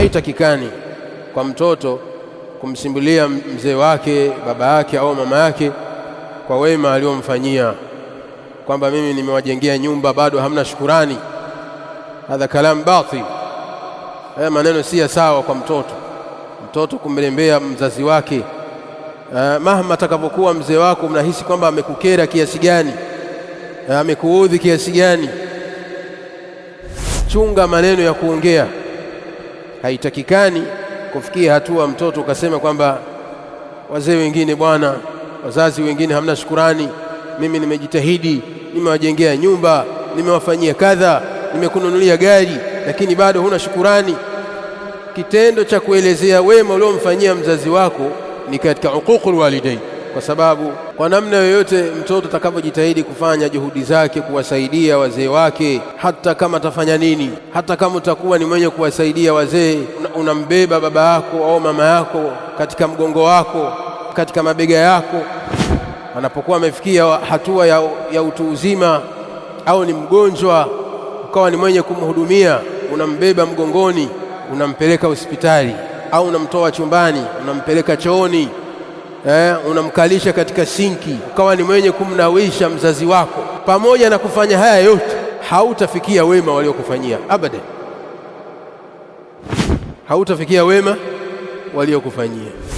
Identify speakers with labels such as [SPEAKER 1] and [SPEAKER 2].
[SPEAKER 1] haitakikani kwa mtoto kumsimbulia mzee wake, baba yake au mama yake kwa wema aliyomfanyia, kwamba mimi nimewajengea nyumba bado hamna shukurani. Hadha kalamu batil, haya maneno si ya sawa kwa mtoto. Mtoto kumlembea mzazi wake eh, mahma atakapokuwa mzee wako, mnahisi kwamba amekukera kiasi gani, eh, amekuudhi kiasi gani, chunga maneno ya kuongea. Haitakikani kufikia hatua mtoto ukasema kwamba wazee wengine, bwana, wazazi wengine hamna shukurani, mimi nimejitahidi, nimewajengea nyumba, nimewafanyia kadha, nimekununulia gari, lakini bado huna shukurani. Kitendo cha kuelezea wema uliomfanyia mzazi wako ni katika uququl walidain kwa sababu kwa namna yoyote mtoto atakavyojitahidi kufanya juhudi zake kuwasaidia wazee wake, hata kama atafanya nini, hata kama utakuwa ni mwenye kuwasaidia wazee, unambeba una baba yako au mama yako katika mgongo wako, katika mabega yako, anapokuwa amefikia hatua ya, ya utu uzima au ni mgonjwa ukawa ni mwenye kumhudumia, unambeba mgongoni, unampeleka hospitali au unamtoa chumbani, unampeleka chooni eh, unamkalisha katika sinki, ukawa ni mwenye kumnawisha mzazi wako. Pamoja na kufanya haya yote, hautafikia wema waliokufanyia abada, hautafikia wema waliokufanyia.